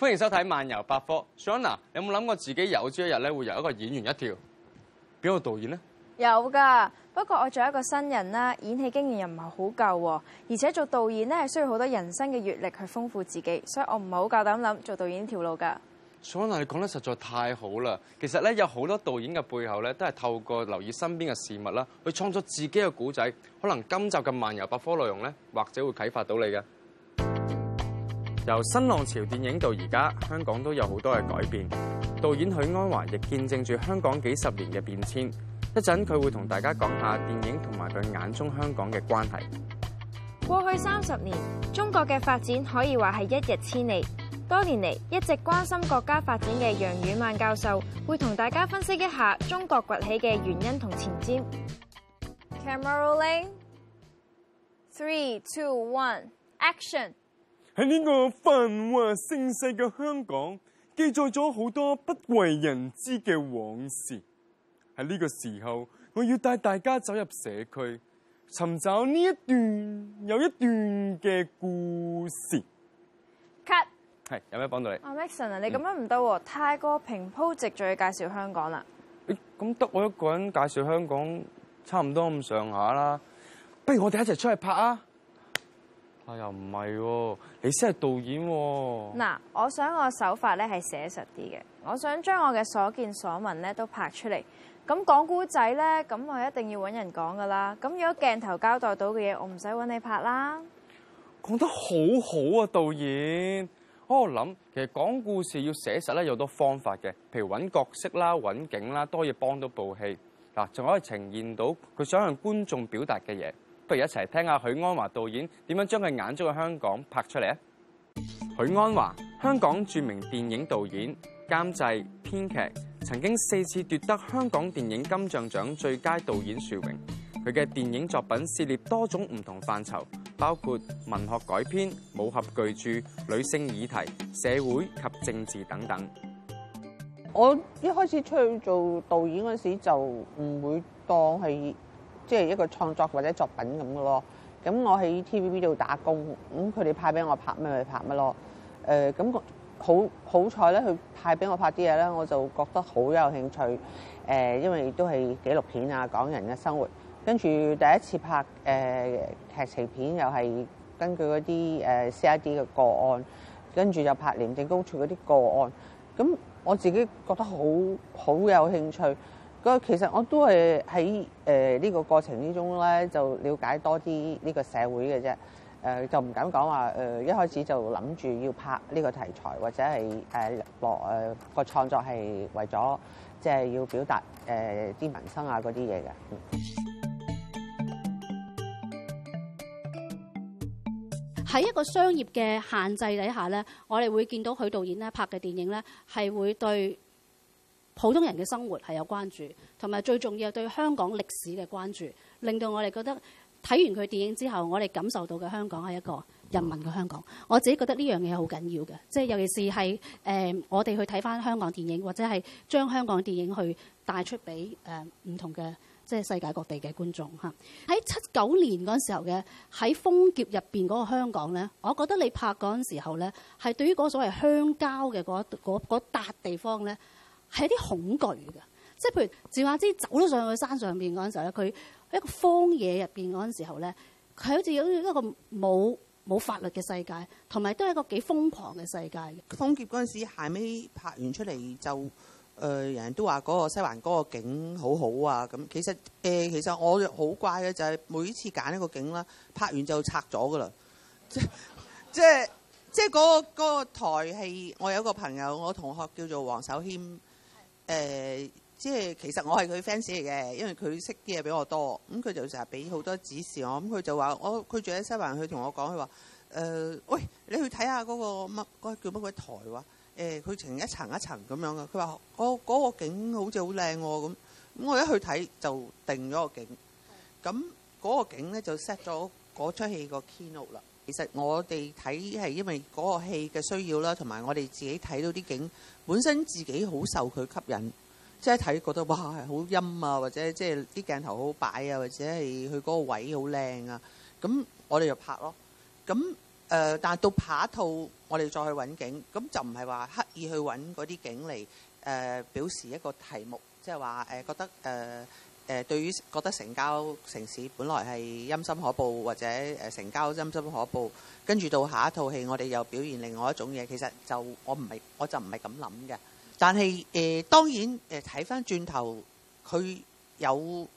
歡迎收睇漫遊百科。Sona，有冇諗過自己有朝一日咧會由一個演員一跳變做導演呢？有噶，不過我做一個新人啦，演戲經驗又唔係好夠，而且做導演咧係需要好多人生嘅閲歷去豐富自己，所以我唔係好夠膽諗做導演呢條路噶。Sona，你講得實在太好啦！其實咧，有好多導演嘅背後咧都係透過留意身邊嘅事物啦，去創作自己嘅故仔。可能今集嘅漫遊百科內容咧，或者會啟發到你嘅。由新浪潮電影到而家，香港都有好多嘅改變。導演許鞍華亦見證住香港幾十年嘅變遷。一陣佢會同大家講下電影同埋佢眼中香港嘅關係。過去三十年，中國嘅發展可以話係一日千里。多年嚟一直關心國家發展嘅楊汝萬教授，會同大家分析一下中國崛起嘅原因同前瞻。Camera rolling three, two, one, action. 喺呢個繁華盛世嘅香港，記載咗好多不為人知嘅往事。喺呢個時候，我要帶大家走入社區，尋找呢一段有一段嘅故事。Cut 係有咩幫到你？阿、oh, Maxson 啊，你咁樣唔得，太過平鋪直敘介紹香港啦。咁得、欸、我一個人介紹香港，差唔多咁上下啦。不如我哋一齊出去拍啊！又唔係，你先係導演啊。嗱，我想我手法咧係寫實啲嘅，我想將我嘅所見所聞咧都拍出嚟。咁講古仔咧，咁我一定要揾人講噶啦。咁如果鏡頭交代到嘅嘢，我唔使揾你拍啦。講得好好啊，導演。我諗其實講故事要寫實咧，有多方法嘅，譬如揾角色啦、揾景啦，多嘢幫到部戲嗱，仲可以呈現到佢想向觀眾表達嘅嘢。不如一齊聽下許鞍華導演點樣將佢眼中嘅香港拍出嚟啊！許鞍華，香港著名電影導演、監製、編劇，曾經四次奪得香港電影金像獎最佳導演殊榮。佢嘅電影作品涉獵多種唔同範疇，包括文學改編、武俠巨著、女性議題、社會及政治等等。我一開始出去做導演嗰時，就唔會當係即係一個創作或者作品咁嘅咯，咁我喺 TVB 度打工，咁佢哋派俾我拍咩咪拍乜咯，誒、呃、咁好好彩咧，佢派俾我拍啲嘢咧，我就覺得好有興趣，誒、呃、因為都係紀錄片啊，港人嘅生活，跟住第一次拍誒、呃、劇情片又係根據嗰啲誒 C.I.D 嘅個案，跟住就拍廉政公署嗰啲個案，咁我自己覺得好好有興趣。個其實我都係喺誒呢個過程之中咧，就了解多啲呢個社會嘅啫。誒就唔敢講話誒，一開始就諗住要拍呢個題材，或者係誒落誒個創作係為咗即係要表達誒啲民生啊嗰啲嘢嘅。喺一個商業嘅限制底下咧，我哋會見到許導演咧拍嘅電影咧，係會對普通人嘅生活係有關注，同埋最重要係對香港歷史嘅關注，令到我哋覺得睇完佢電影之後，我哋感受到嘅香港係一個人民嘅香港。我自己覺得呢樣嘢好緊要嘅，即係尤其是係誒我哋去睇翻香港電影，或者係將香港電影去帶出俾誒唔同嘅即係世界各地嘅觀眾嚇。喺七九年嗰陣時候嘅喺瘋劫入邊嗰個香港呢，我覺得你拍嗰陣時候呢，係對於嗰所謂鄉郊嘅嗰嗰笪地方呢。係一啲恐懼嘅，即係譬如趙雅芝走咗上去山上邊嗰陣時候咧，佢喺一個荒野入邊嗰陣時候咧，佢好似好似一個冇冇法律嘅世界，同埋都係一個幾瘋狂嘅世界嘅。瘋劫嗰陣時候，後尾拍完出嚟就，誒、呃、人人都話嗰個西環嗰個景好好啊咁、呃。其實誒其實我好怪嘅就係每一次揀一個景啦，拍完就拆咗㗎啦。即即即嗰個嗰、嗰個台戲，我有一個朋友，我同學叫做黃守謙。誒、呃，即係其實我係佢 fans 嚟嘅，因為佢識啲嘢比我多，咁佢就成日俾好多指示他我。咁佢就話我說，佢住喺西環佢同我講，佢話誒，喂，你去睇下嗰個乜嗰叫乜鬼台話誒，佢、啊、成、呃、一層一層咁樣嘅。佢話嗰個景好似好靚喎咁，咁我一去睇就定咗個景，咁嗰個景呢，就 set 咗嗰出戲個 keynote 啦。其實我哋睇係因為嗰個戲嘅需要啦，同埋我哋自己睇到啲景，本身自己好受佢吸引，即係睇覺得哇，好陰啊，或者即係啲鏡頭好擺啊，或者係佢嗰個位好靚啊，咁我哋就拍咯。咁誒，但係到拍一套，我哋再去揾景，咁就唔係話刻意去揾嗰啲景嚟誒表示一個題目，即係話誒覺得誒。誒，對於覺得成交城市本來係陰森可怖，或者成交陰森可怖，跟住到下一套戲，我哋又表現另外一種嘢。其實就我唔係，我就唔係咁諗嘅。但係誒、呃，當然誒，睇翻轉頭，佢有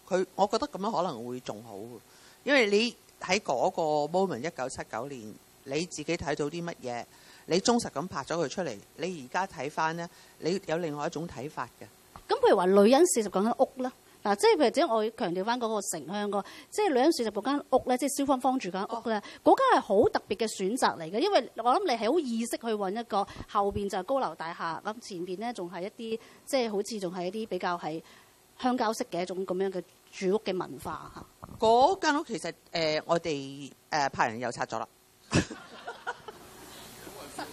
佢，我覺得咁樣可能會仲好，因為你喺嗰個 moment 一九七九年，你自己睇到啲乜嘢，你忠實咁拍咗佢出嚟，你而家睇翻呢，你有另外一種睇法嘅。咁譬如話，女人四十講緊屋啦。嗱，即係譬如，只我強調翻嗰個城鄉個，即係兩千四百間屋咧，即係蕭芳芳住間屋咧，嗰間係好特別嘅選擇嚟嘅，因為我諗你係好意識去揾一個後邊就係高樓大廈，咁前邊咧仲係一啲即係好似仲係一啲比較係鄉郊式嘅一種咁樣嘅住屋嘅文化嚇。嗰間屋其實誒、呃，我哋誒派人又拆咗啦。實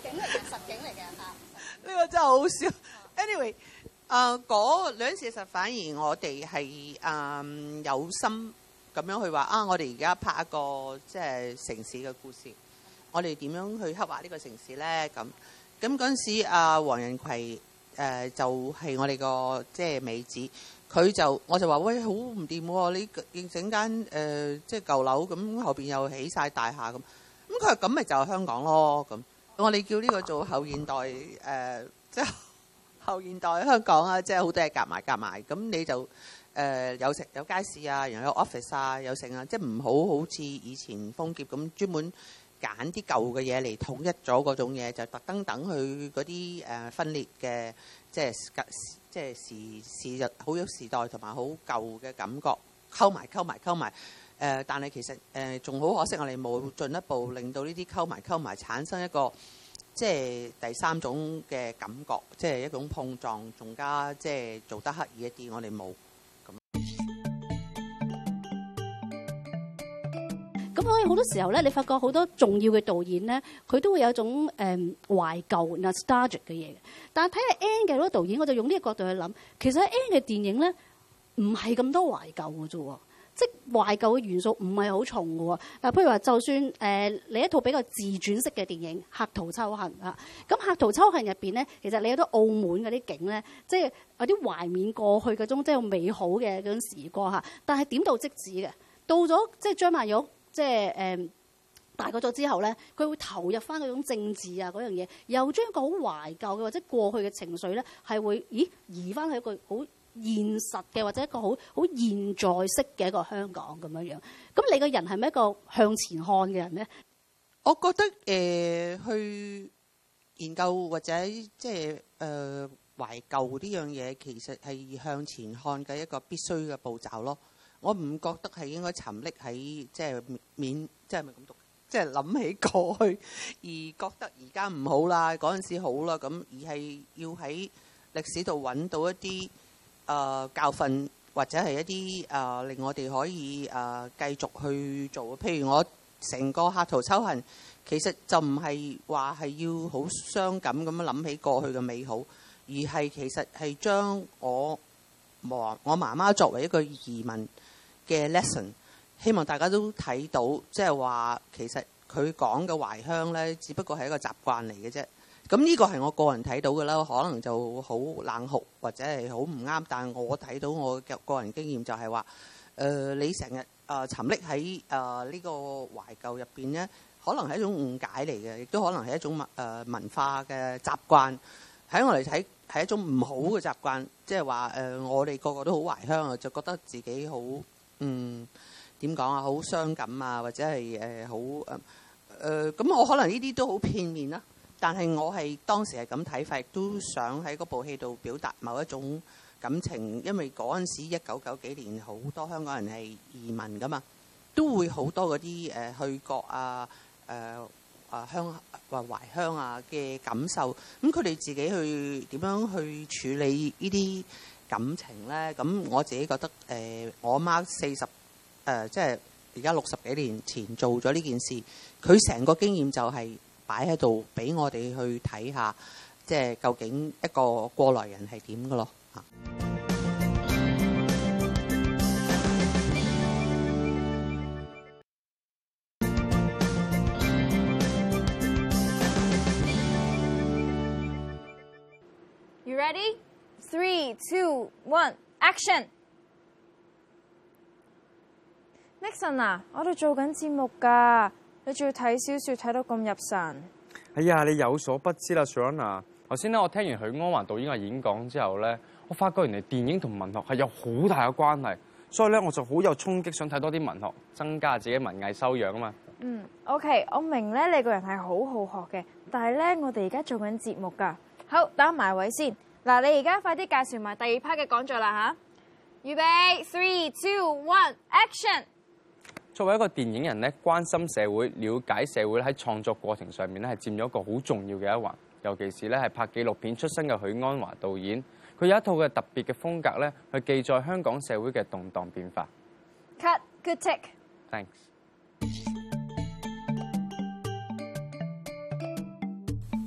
景嚟嘅、啊，實景嚟嘅嚇。呢個真係好少。Anyway。誒嗰、呃、兩事實反而我哋係誒有心咁樣去話啊！我哋而家拍一個即係城市嘅故事，我哋點樣去刻畫呢個城市咧？咁咁嗰陣時，阿、啊、黃仁葵誒、呃、就係、是、我哋個即係美子，佢就我就話喂，好唔掂喎！你整間誒、呃、即係舊樓，咁後邊又起晒大廈咁，咁佢話咁咪就係香港咯，咁。我哋叫呢個做後現代誒、呃，即係。後現代香港啊，即係好多嘢夾埋夾埋，咁你就誒有食有街市啊，然後有 office 啊，有剩啊，即係唔好好似以前封建咁，專門揀啲舊嘅嘢嚟統一咗嗰種嘢，就特登等佢嗰啲誒分裂嘅，即係即係時時日好有時代同埋好舊嘅感覺，溝埋溝埋溝埋誒，但係其實誒仲好可惜，我哋冇進一步令到呢啲溝埋溝埋產生一個。即係第三種嘅感覺，即係一種碰撞，仲加即係做得刻意一啲。我哋冇咁咁，所以好多時候咧，你發覺好多重要嘅導演咧，佢都會有一種誒、嗯、懷舊同埋 nostalgic 嘅嘢。但係睇下 N 嘅嗰啲導演，我就用呢個角度去諗，其實 N 嘅電影咧唔係咁多懷舊嘅啫。即懷舊嘅元素唔係好重嘅喎，譬如話，就算誒你、呃、一套比較自傳式嘅電影《客途秋恨》。啊，咁、啊《客途秋恨》入邊咧，其實你有啲澳門嗰啲景咧，即係有啲懷緬過去嗰種即係美好嘅嗰種時光嚇。但係點到即止嘅，到咗即係張曼玉即係誒、呃、大個咗之後咧，佢會投入翻嗰種政治啊嗰樣嘢，又將一個好懷舊嘅或者過去嘅情緒咧，係會咦移翻去一個好。現實嘅或者一個好好現在式嘅一個香港咁樣樣，咁你個人係咪一個向前看嘅人呢？我覺得誒、呃、去研究或者即係誒、呃、懷舊呢樣嘢，其實係向前看嘅一個必須嘅步驟咯。我唔覺得係應該沉溺喺即係面即係咪咁讀，即係諗起過去而覺得而家唔好啦，嗰陣時好啦咁，而係要喺歷史度揾到一啲。誒、呃、教訓或者係一啲誒、呃、令我哋可以誒、呃、繼續去做，譬如我成個客途秋恨，其實就唔係話係要好傷感咁樣諗起過去嘅美好，而係其實係將我和我媽媽作為一個移民嘅 lesson，希望大家都睇到，即係話其實佢講嘅懷鄉呢，只不過係一個習慣嚟嘅啫。咁呢個係我個人睇到嘅啦，可能就好冷酷或者係好唔啱。但係我睇到我嘅個人經驗就係話，誒你成日誒沉溺喺誒呢個懷舊入邊呢，可能係一種誤解嚟嘅，亦都可能係一種文誒文化嘅習慣，喺我嚟睇係一種唔好嘅習慣，即係話誒我哋個個都好懷鄉啊，就覺得自己好，嗯，點講啊，好傷感啊，或者係誒好誒咁。我可能呢啲都好片面啦。但係我係當時係咁睇法，亦都想喺嗰部戲度表達某一種感情，因為嗰陣時一九九幾年好多香港人係移民噶嘛，都會好多嗰啲誒去國啊、誒啊鄉或懷鄉啊嘅感受。咁佢哋自己去點樣去處理呢啲感情呢？咁我自己覺得誒，我媽四十誒，即係而家六十幾年前做咗呢件事，佢成個經驗就係。擺喺度俾我哋去睇下，即係究竟一個過來人係點嘅咯嚇。You ready? Three, two, one, action! Nixon 啊，我哋做緊節目㗎。你仲要睇小說睇到咁入神？哎呀，你有所不知啦，Sona。頭先咧，我聽完許鞍華導演嘅演講之後咧，我發覺原來電影同文學係有好大嘅關係，所以咧我就好有衝擊，想睇多啲文學，增加自己的文藝修養啊嘛。嗯，OK，我明咧，你個人係好好學嘅，但係咧我哋而家做緊節目噶，好打埋位先。嗱，你而家快啲介紹埋第二 part 嘅講座啦吓。預備，three，two，one，action。3, 2, 1, 作為一個電影人咧，關心社會、了解社會咧，喺創作過程上面咧，係佔咗一個好重要嘅一環。尤其是咧，係拍紀錄片出身嘅許鞍華導演，佢有一套嘅特別嘅風格咧，去記載香港社會嘅動盪變化。Cut good take，thanks。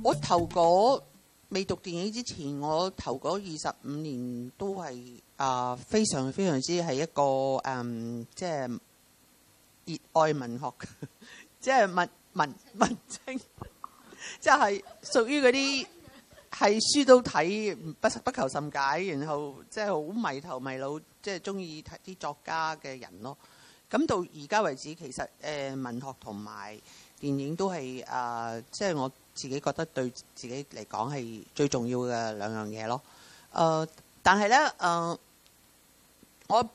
我投過未讀電影之前，我投過二十五年都係啊、呃，非常非常之係一個嗯、呃，即係。熱愛文學，即係文文文青，即係屬於嗰啲係書都睇不不求甚解，然後即係好迷頭迷腦，即係中意睇啲作家嘅人咯。咁到而家為止，其實誒文學同埋電影都係誒，即係我自己覺得對自己嚟講係最重要嘅兩樣嘢咯。誒，但係咧誒，我。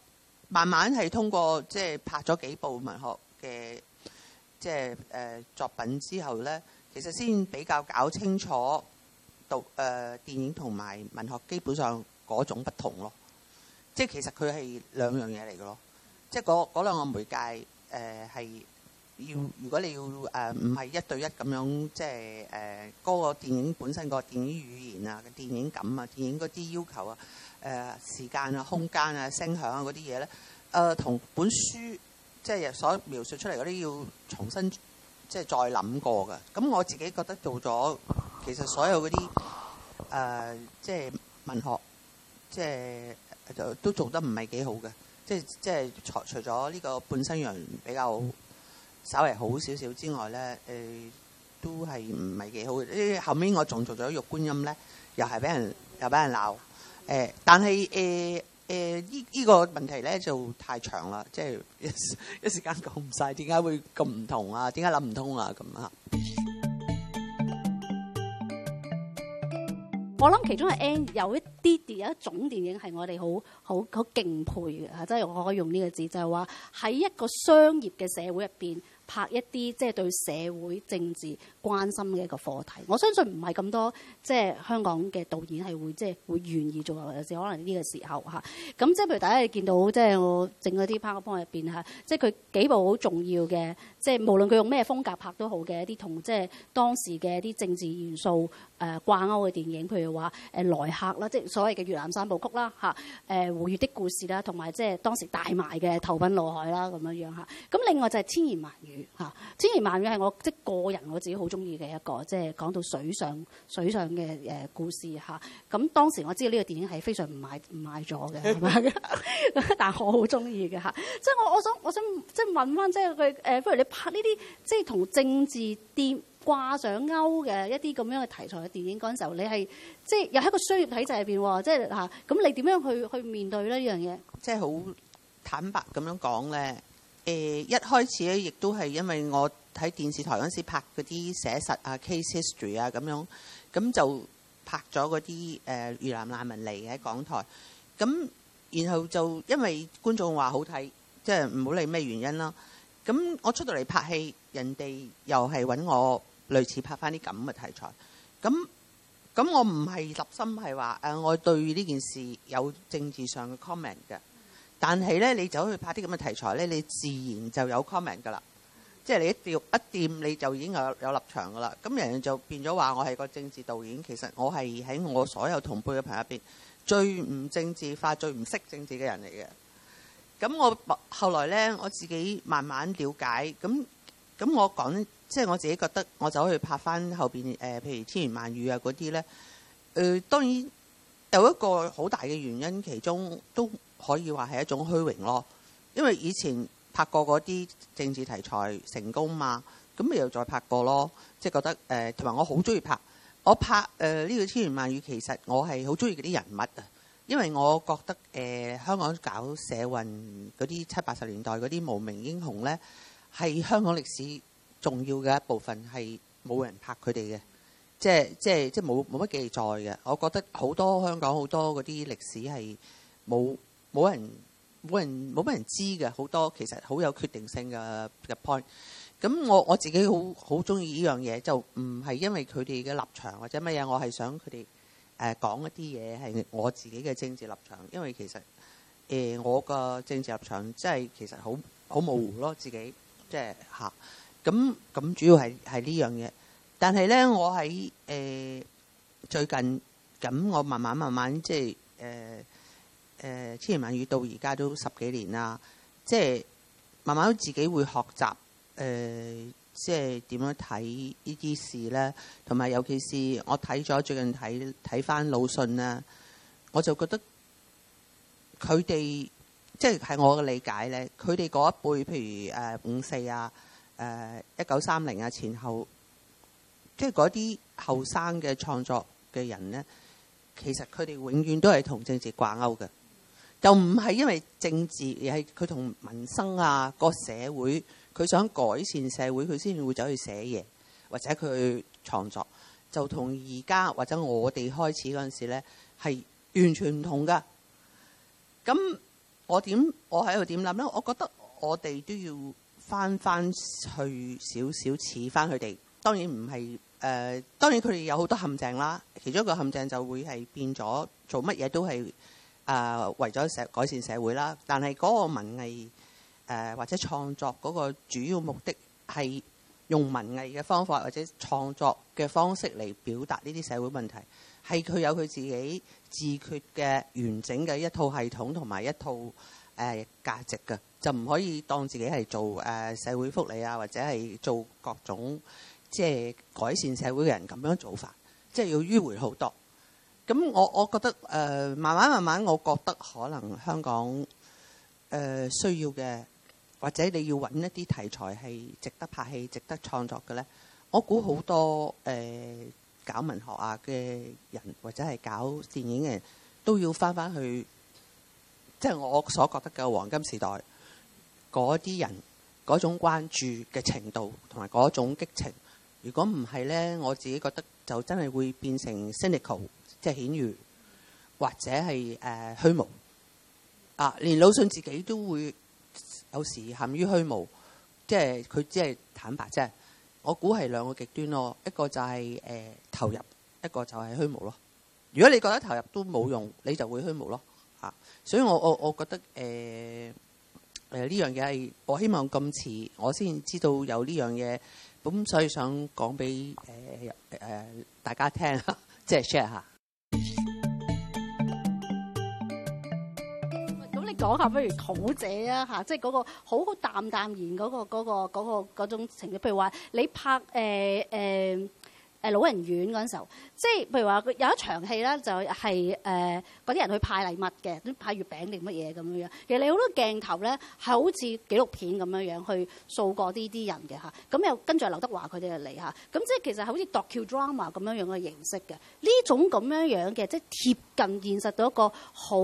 慢慢係通過即係、即係、拍咗幾部文學嘅即係誒作品之後咧，其實先比較搞清楚讀誒、呃、電影同埋文學基本上嗰種不同咯。即係其實佢係兩樣嘢嚟嘅咯。即係嗰嗰兩個媒介誒係。呃要如果你要誒唔係一對一咁樣，即係誒嗰個電影本身個電影語言啊、電影感啊、電影嗰啲要求啊、誒、呃、時間啊、空間啊、聲響啊嗰啲嘢咧，誒同、呃、本書即係所描述出嚟嗰啲要重新即係再諗過㗎。咁我自己覺得做咗其實所有嗰啲誒即係文學，即係就都做得唔係幾好嘅，即係即係除除咗呢個半生緣比較，稍微好少少之外咧，誒、呃、都係唔係幾好。呢後面我仲做咗玉觀音咧，又係俾人又俾人鬧。誒、呃，但係誒誒呢呢個問題咧就太長啦，即、就、係、是、一時間講唔晒，點解會咁唔同啊？點解諗唔通啊？咁啊！我諗其中嘅 N 有一啲電影，一種電影係我哋好好好敬佩嘅即係我可以用呢個字，就係話喺一個商業嘅社會入邊拍一啲即係對社會政治。關心嘅一個課題，我相信唔係咁多，即係香港嘅導演係會即係會願意做，有時可能呢個時候嚇。咁、啊、即係譬如大家你見到即係我整嗰啲 PowerPoint 入邊嚇，即係佢、啊、幾部好重要嘅，即係無論佢用咩風格拍都好嘅一啲同即係當時嘅一啲政治元素誒、呃、掛鈎嘅電影，譬如話誒來客啦，即係所謂嘅越南三部曲啦嚇，誒胡越的故事啦，同、啊、埋即係當時大賣嘅投奔怒海啦咁、啊、樣樣嚇。咁、啊、另外就係千言萬語嚇、啊，千言萬語係我即係個人我自己好中意嘅一個，即係講到水上水上嘅誒故事吓。咁當時我知道呢個電影係非常唔賣唔賣座嘅，係咪？ 但係我好中意嘅吓。即係我我想我想即係問翻，即係佢誒，不如你拍呢啲即係同政治跌掛上鈎嘅一啲咁樣嘅題材嘅電影嗰陣時候，你係即係又喺個商業體制入邊，即係吓咁，你點樣去去面對咧呢樣嘢？即係好坦白咁樣講咧，誒、呃，一開始咧亦都係因為我。喺電視台嗰時拍嗰啲寫實啊，case history 啊咁樣，咁就拍咗嗰啲誒越南難民嚟嘅喺港台，咁然後就因為觀眾話好睇，即係唔好理咩原因啦。咁我出到嚟拍戲，人哋又係揾我類似拍翻啲咁嘅題材。咁咁我唔係立心係話誒，我對呢件事有政治上嘅 comment 嘅，但係呢，你走去拍啲咁嘅題材呢，你自然就有 comment 噶啦。即係你一掂一掂，你就已經有有立場噶啦。咁人哋就變咗話我係個政治導演，其實我係喺我所有同輩嘅朋友入邊最唔政治化、最唔識政治嘅人嚟嘅。咁我後來呢，我自己慢慢了解。咁咁我講即係我自己覺得，我就可以拍翻後邊誒、呃，譬如千言萬語啊嗰啲呢。誒、呃、當然有一個好大嘅原因，其中都可以話係一種虛榮咯，因為以前，拍過嗰啲政治題材成功嘛，咁咪又再拍過咯，即係覺得誒，同埋我好中意拍。我拍誒呢個《千言萬語》，其實我係好中意嗰啲人物啊，因為我覺得誒香港搞社運嗰啲七八十年代嗰啲無名英雄呢，係香港歷史重要嘅一部分，係冇人拍佢哋嘅，即係即係即係冇冇乜記載嘅。我覺得好多香港好多嗰啲歷史係冇冇人。冇人冇乜人知嘅，好多其實好有決定性嘅嘅 point。咁我我自己好好中意呢樣嘢，就唔係因為佢哋嘅立場或者乜嘢，我係想佢哋誒講一啲嘢係我自己嘅政治立場。因為其實誒、呃、我個政治立場即係其實好好模糊咯，自己即係嚇。咁咁主要係係呢樣嘢。但係咧，我喺誒、呃、最近咁，我慢慢慢慢即係誒。呃誒千言萬語到而家都十幾年啦，即係慢慢自己會學習誒，即係點樣睇呢啲事咧？同埋尤其是我睇咗最近睇睇翻魯迅咧，我就覺得佢哋即係係我嘅理解咧，佢哋嗰一輩，譬如誒五四啊、誒一九三零啊，前後，即係嗰啲後生嘅創作嘅人咧，其實佢哋永遠都係同政治掛鈎嘅。就唔係因為政治，而係佢同民生啊，個社會，佢想改善社會，佢先會走去寫嘢或者佢去創作。就同而家或者我哋開始嗰陣時呢，係完全唔同噶。咁我點我喺度點諗呢？我覺得我哋都要翻翻去少少似翻佢哋。當然唔係誒，當然佢哋有好多陷阱啦。其中一個陷阱就會係變咗做乜嘢都係。啊，為咗社改善社會啦，但係嗰個文藝誒、呃、或者創作嗰個主要目的係用文藝嘅方法或者創作嘅方式嚟表達呢啲社會問題，係佢有佢自己自決嘅完整嘅一套系統同埋一套誒、呃、價值嘅，就唔可以當自己係做誒、呃、社會福利啊或者係做各種即係改善社會嘅人咁樣做法，即係要迂迴好多。咁我我覺得、呃、慢慢慢慢，我覺得可能香港、呃、需要嘅，或者你要揾一啲題材係值得拍戲、值得創作嘅呢。我估好多、呃、搞文學啊嘅人，或者係搞電影嘅人都要翻翻去，即係我所覺得嘅黃金時代嗰啲人嗰種關注嘅程度同埋嗰種激情。如果唔係呢，我自己覺得就真係會變成 cynical。即係顯喻，或者係誒、呃、虛無啊！連魯迅自己都會有時陷於虛無，即係佢只係坦白即啫。我估係兩個極端咯，一個就係、是、誒、呃、投入，一個就係虛無咯。如果你覺得投入都冇用，你就會虛無咯啊！所以我我我覺得誒誒呢樣嘢係我希望咁似我先知道有呢樣嘢，咁所以想講俾誒誒大家聽，即係 share 下。講下，不如土姐啊嚇，即係嗰個好好淡淡然嗰、個嗰、個嗰、個嗰、種情緒。譬如話你拍、呃呃、老人院嗰陣時候，即係譬如話有一場戲啦、就係，就係嗰啲人去派禮物嘅，派月餅定乜嘢咁樣樣。其實你好多鏡頭咧，係好似紀錄片咁樣樣去掃過呢啲人嘅。咁又跟住劉德華佢哋嚟嚇。咁即係其實係好似 docudrama 咁樣樣嘅形式嘅。呢種咁樣樣嘅，即係貼近現實到一個好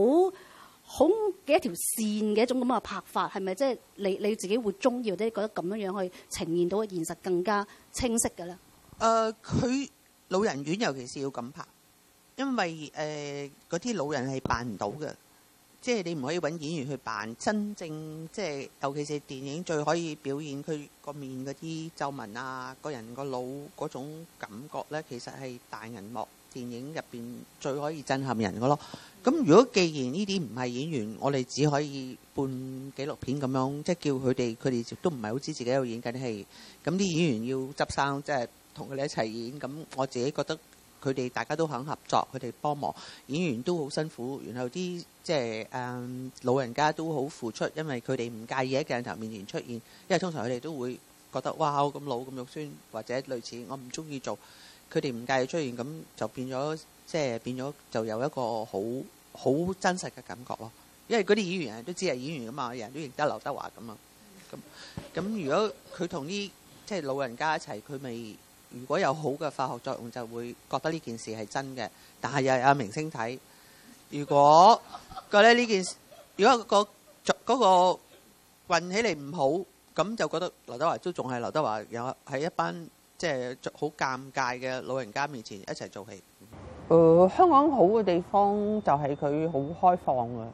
好嘅一條線嘅一種咁嘅拍法，係咪即係你你自己會中意，或者覺得咁樣樣去呈現到嘅現實更加清晰嘅咧？誒、呃，佢老人院尤其是要咁拍，因為誒嗰啲老人係扮唔到嘅，即係你唔可以揾演員去扮。真正即係尤其是電影最可以表演佢個面嗰啲皺紋啊，個人個老嗰種感覺咧，其實係大銀幕。電影入邊最可以震撼人嘅咯。咁如果既然呢啲唔係演員，我哋只可以半紀錄片咁樣，即係叫佢哋，佢哋亦都唔係好知自己喺度演緊戲。咁啲演員要執生，即係同佢哋一齊演。咁我自己覺得佢哋大家都肯合作，佢哋幫忙演員都好辛苦。然後啲即係誒老人家都好付出，因為佢哋唔介意喺鏡頭面前出現，因為通常佢哋都會覺得哇，咁老咁肉酸或者類似，我唔中意做。佢哋唔介意出現，咁就變咗，即係變咗就有一個好好真實嘅感覺咯。因為嗰啲演員都知係演員噶嘛，人都認得劉德華咁嘛。咁咁，如果佢同呢即係老人家在一齊，佢咪如果有好嘅化學作用，就會覺得呢件事係真嘅。但係又有，有明星睇，如果覺得呢件事，如果嗰個運起嚟唔好，咁就覺得劉德華都仲係劉德華，有喺一班。即係好尷尬嘅老人家面前一齊做戲。誒、呃，香港好嘅地方就係佢好開放嘅。誒、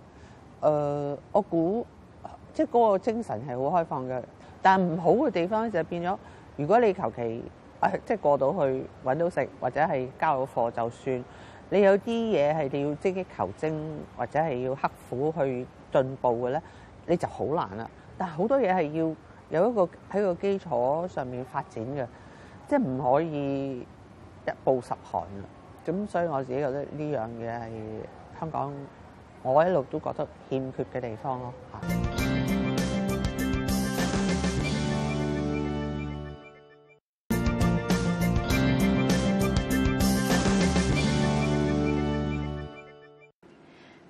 呃，我估即係嗰個精神係好開放嘅。但係唔好嘅地方就係變咗，如果你求其誒即係過到去揾到食，或者係交到課就算，你有啲嘢係你要精益求精，或者係要刻苦去進步嘅咧，你就好難啦。但係好多嘢係要有一個喺個基礎上面發展嘅。即係唔可以一步十行，咁所以我自己覺得呢樣嘢係香港，我一路都覺得欠缺嘅地方咯嚇。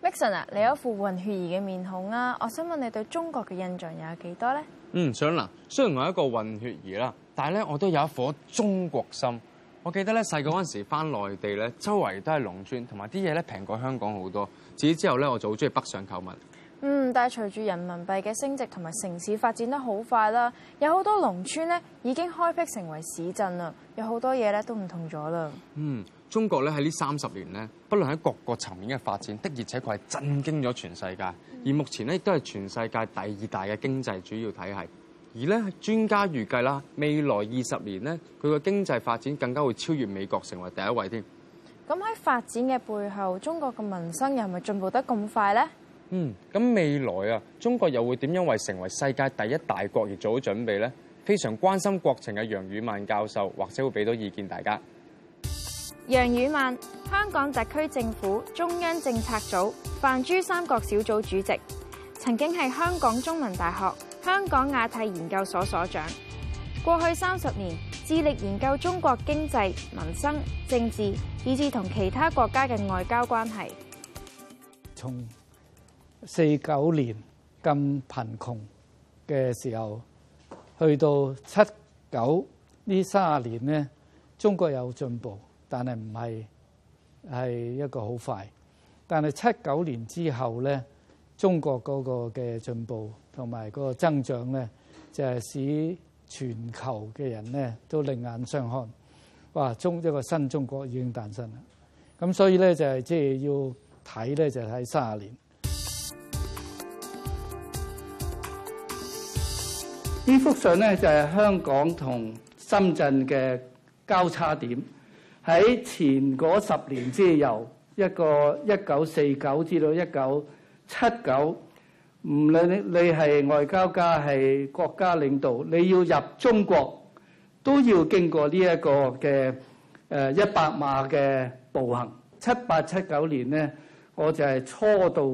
Mixon 啊，你有一副混血兒嘅面孔啦，我想問你對中國嘅印象又有幾多咧？嗯，想啦，雖然我係一個混血兒啦。但係咧，我都有一顆中國心。我記得咧，細個嗰陣時返內地咧，周圍都係農村，同埋啲嘢咧，平過香港好多。自此之後咧，我就好鍾意北上購物。嗯，但係隨住人民幣嘅升值同埋城市發展得好快啦，有好多農村咧已經開闢成為市鎮啦，有好多嘢咧都唔同咗啦。嗯，中國咧喺呢三十年咧，不論喺各個層面嘅發展，的而且確係震驚咗全世界。而目前咧亦都係全世界第二大嘅經濟主要體系。而咧，專家預計啦，未來二十年咧，佢個經濟發展更加會超越美國，成為第一位添。咁喺發展嘅背後，中國嘅民生又係咪進步得咁快呢？嗯，咁未來啊，中國又會點樣為成為世界第一大國而做好準備呢？非常關心國情嘅楊汝萬教授，或者會俾到意見大家。楊汝萬，香港特區政府中央政策組泛珠三角小組主席，曾經係香港中文大學。香港亞太研究所所長，過去三十年致力研究中國經濟、民生、政治，以至同其他國家嘅外交關係。從四九年咁貧窮嘅時候，去到七九呢三十年呢，中國有進步，但係唔係係一個好快。但係七九年之後呢。中國嗰個嘅進步同埋嗰個增長咧，就係、是、使全球嘅人咧都另眼相看。哇！中一個新中國已經誕生啦。咁所以咧就係即係要睇咧就係、是、睇三十年。幅呢幅相咧就係、是、香港同深圳嘅交叉點。喺前嗰十年之由，一個一九四九至到一九。七九唔理你，你係外交家，係國家領導，你要入中國都要經過呢一個嘅誒、呃、一百碼嘅步行。七八七九年咧，我就係初到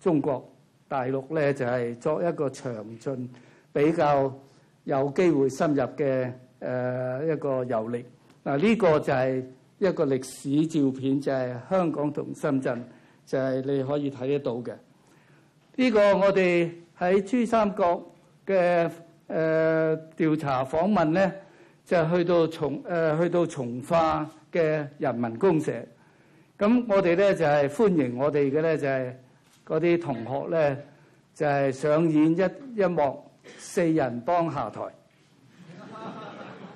中國大陸咧，就係、是、作一個詳盡比較有機會深入嘅誒、呃、一個遊歷。嗱、呃、呢、這個就係一個歷史照片，就係、是、香港同深圳。就係你可以睇得到嘅，呢個我哋喺珠三角嘅誒、呃、調查訪問咧，就去到從誒、呃、去到從化嘅人民公社，咁我哋咧就係、是、歡迎我哋嘅咧就係嗰啲同學咧就係、是、上演一一幕四人幫下台，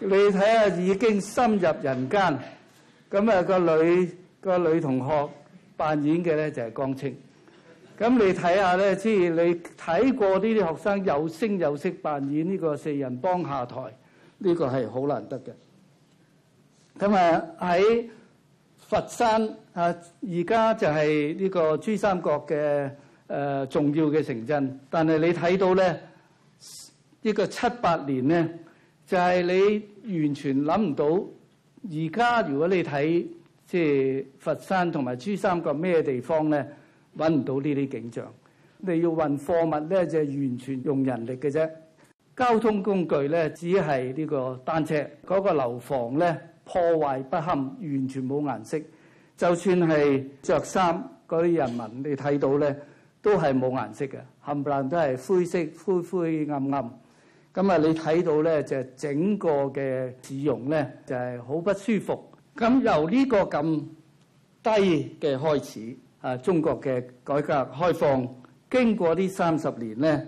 你睇下已經深入人間，咁、那、啊個女、那個女同學。扮演嘅咧就係江青，咁你睇下咧，即係你睇過呢啲學生有聲有色扮演呢個四人幫下台，呢個係好難得嘅。咁啊喺佛山啊，而家就係呢個珠三角嘅誒重要嘅城鎮，但係你睇到咧呢個七八年咧，就係你完全諗唔到，而家如果你睇。即係佛山同埋珠三角咩地方咧，揾唔到呢啲景象。你要運貨物咧，就係完全用人力嘅啫。交通工具咧，只係呢個單車。嗰個樓房咧，破壞不堪，完全冇顏色。就算係着衫嗰啲人民，你睇到咧，都係冇顏色嘅，冚唪唥都係灰色，灰灰暗暗。咁啊，你睇到咧，就係整個嘅市容咧，就係好不舒服。咁由呢個咁低嘅開始，啊，中國嘅改革開放經過這呢三十年咧，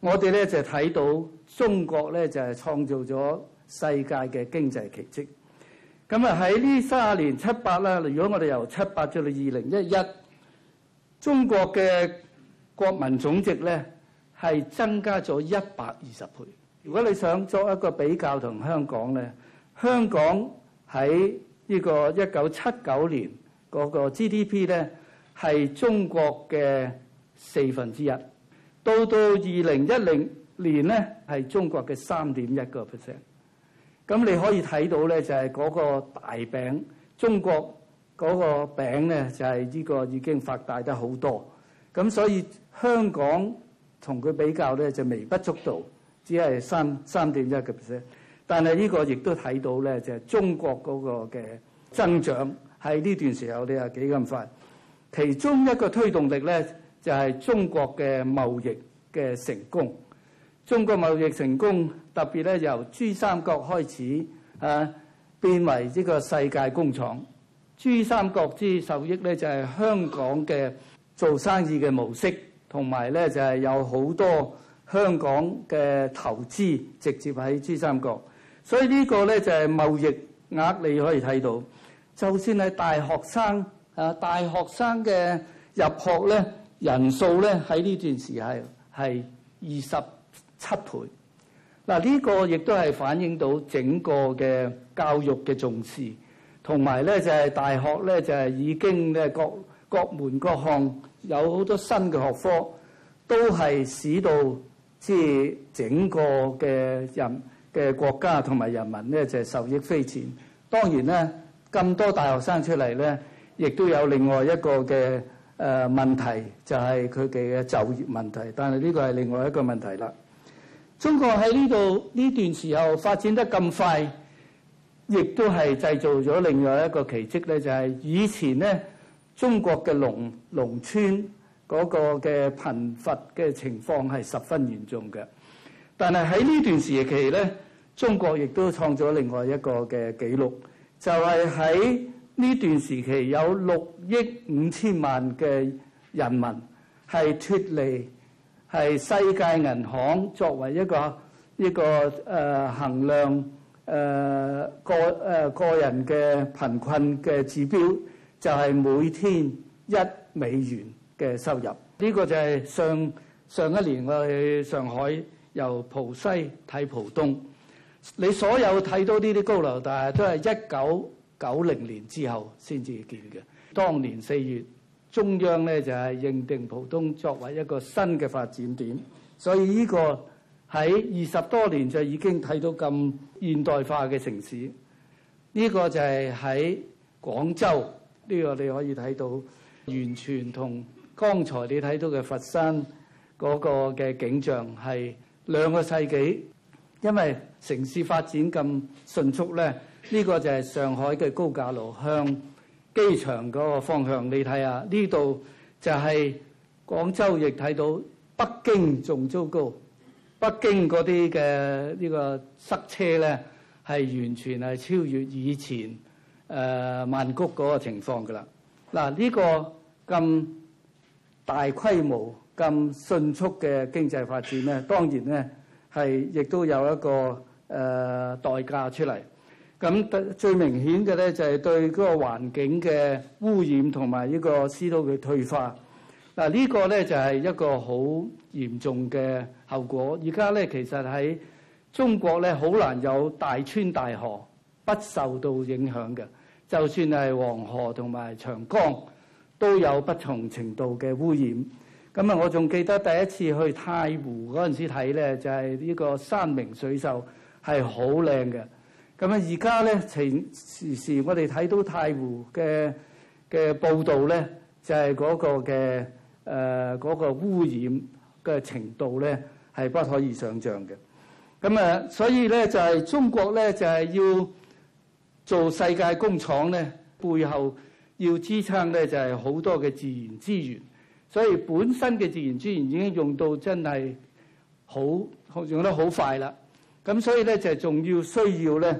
我哋咧就睇到中國咧就係、是、創造咗世界嘅經濟奇蹟。咁啊，喺呢三十年，七八啦，如果我哋由七八至到二零一一，中國嘅國民總值咧係增加咗一百二十倍。如果你想作一個比較，同香港咧，香港喺這個呢個一九七九年嗰個 GDP 咧係中國嘅四分之一，到到二零一零年咧係中國嘅三點一個 percent。咁你可以睇到咧就係嗰個大餅，中國嗰個餅咧就係呢個已經發大得好多。咁所以香港同佢比較咧就微不足道，只係三三點一個 percent。但係呢個亦都睇到咧，就係中國嗰個嘅增長喺呢段時候，你係幾咁快。其中一個推動力咧，就係中國嘅貿易嘅成功。中國貿易成功，特別咧由珠三角開始啊，變為呢個世界工廠。珠三角之受益咧，就係香港嘅做生意嘅模式，同埋咧就係有好多香港嘅投資直接喺珠三角。所以呢個咧就係貿易額，你可以睇到。就算係大學生，啊大學生嘅入學咧人數咧喺呢段時係係二十七倍。嗱、這、呢個亦都係反映到整個嘅教育嘅重視，同埋咧就係大學咧就係已經咧各各門各項有好多新嘅學科，都係使到即係整個嘅人。嘅國家同埋人民咧就係、受益匪淺。當然咧咁多大學生出嚟咧，亦都有另外一個嘅誒、呃、問題，就係佢哋嘅就業問題。但係呢個係另外一個問題啦。中國喺呢度呢段時候發展得咁快，亦都係製造咗另外一個奇蹟咧，就係、係、以前咧中國嘅農農村嗰個嘅貧乏嘅情況係十分嚴重嘅。但係喺呢段時期咧，中國亦都創咗另外一個嘅紀錄，就係喺呢段時期有六億五千萬嘅人民係脫離，係世界銀行作為一個一個誒、呃、衡量誒個誒個人嘅貧困嘅指標，就係、是、每天一美元嘅收入。呢、這個就係上上一年我去上海。由浦西睇浦東，你所有睇到呢啲高樓大廈都係一九九零年之後先至建嘅。當年四月，中央咧就係、是、認定浦東作為一個新嘅發展點，所以呢個喺二十多年就已經睇到咁現代化嘅城市。呢、這個就係喺廣州呢、這個你可以睇到，完全同剛才你睇到嘅佛山嗰個嘅景象係。兩個世紀，因為城市發展咁迅速咧，呢個就係上海嘅高架路向機場嗰個方向。你睇下呢度就係廣州亦睇到，北京仲糟糕。北京嗰啲嘅呢個塞車咧，係完全係超越以前誒、呃、曼谷嗰個情況㗎啦。嗱、啊、呢個咁大規模。咁迅速嘅經濟發展咧，當然咧係亦都有一個誒、呃、代價出嚟。咁最明顯嘅咧就係、是、對嗰個環境嘅污染同埋呢個生態嘅退化嗱，這個呢個咧就係、是、一個好嚴重嘅後果。而家咧其實喺中國咧好難有大川大河不受到影響嘅，就算係黃河同埋長江都有不同程度嘅污染。咁啊！我仲記得第一次去太湖嗰陣時睇咧，就係呢個山明水秀係好靚嘅。咁啊，而家咧，前時時我哋睇到太湖嘅嘅報道咧，就係、是、嗰個嘅誒嗰個污染嘅程度咧，係不可以想像嘅。咁啊，所以咧就係中國咧就係要做世界工廠咧，背後要支撐咧就係好多嘅自然資源。所以本身嘅自然資源已經用到真係好用得好快啦。咁所以咧就仲要需要咧，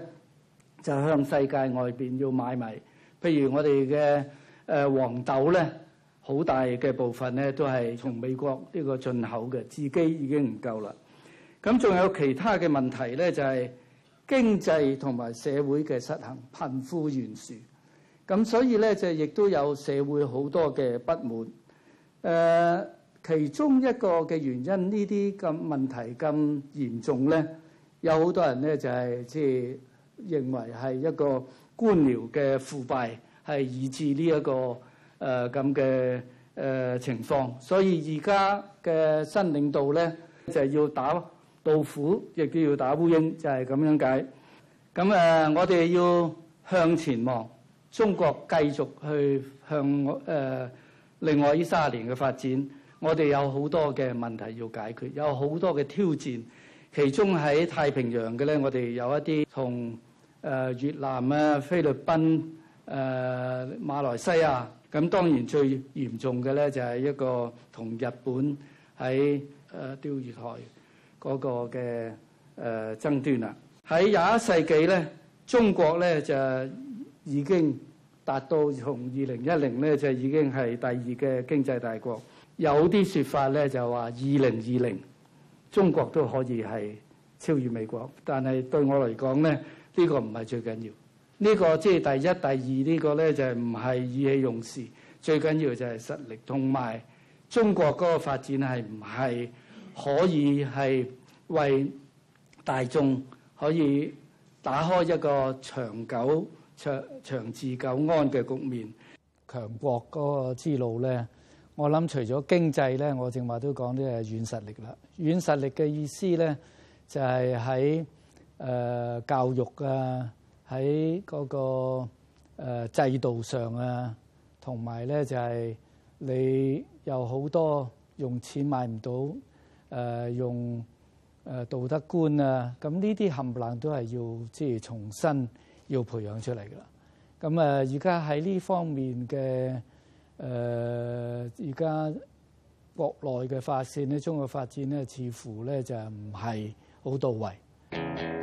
就向世界外邊要買埋。譬如我哋嘅誒黃豆咧，好大嘅部分咧都係從美國呢個進口嘅，自己已經唔夠啦。咁仲有其他嘅問題咧，就係、是、經濟同埋社會嘅失衡，貧富懸殊。咁所以咧就亦都有社會好多嘅不滿。誒、呃，其中一個嘅原因，呢啲咁問題咁嚴重咧，有好多人咧就係即係認為係一個官僚嘅腐敗係以致呢一個誒咁嘅誒情況，所以而家嘅新領導咧就係要打老虎，亦都要打烏蠅，就係、是、咁樣的解。咁、呃、誒，我哋要向前望，中國繼續去向誒。呃另外呢三十年嘅發展，我哋有好多嘅問題要解決，有好多嘅挑戰。其中喺太平洋嘅咧，我哋有一啲同誒越南啊、菲律賓、誒馬來西亞。咁當然最嚴重嘅咧，就係一個同日本喺誒釣魚台嗰個嘅誒爭端啦。喺廿一世紀咧，中國咧就已經達到從二零一零咧就已經係第二嘅經濟大國，有啲説法咧就話二零二零中國都可以係超越美國，但係對我嚟講咧呢、呢個唔係最緊要，呢、呢個即係、就是、第一、第二、呢個、呢個咧就係唔係意氣用事，最緊要就係實力，同埋中國嗰個發展係唔係可以係為大眾可以打開一個長久。長長治久安嘅局面，強國嗰個之路咧，我諗除咗經濟咧，我正話都講啲係軟實力啦。軟實力嘅意思咧，就係喺誒教育啊，喺嗰個誒制度上啊，同埋咧就係你有好多用錢買唔到誒用誒道德觀啊，咁呢啲冚唪唥都係要即係重新。要培養出嚟噶啦，咁啊，而家喺呢方面嘅誒，呃，而家國內嘅發展咧，中國發展咧，似乎咧就唔係好到位。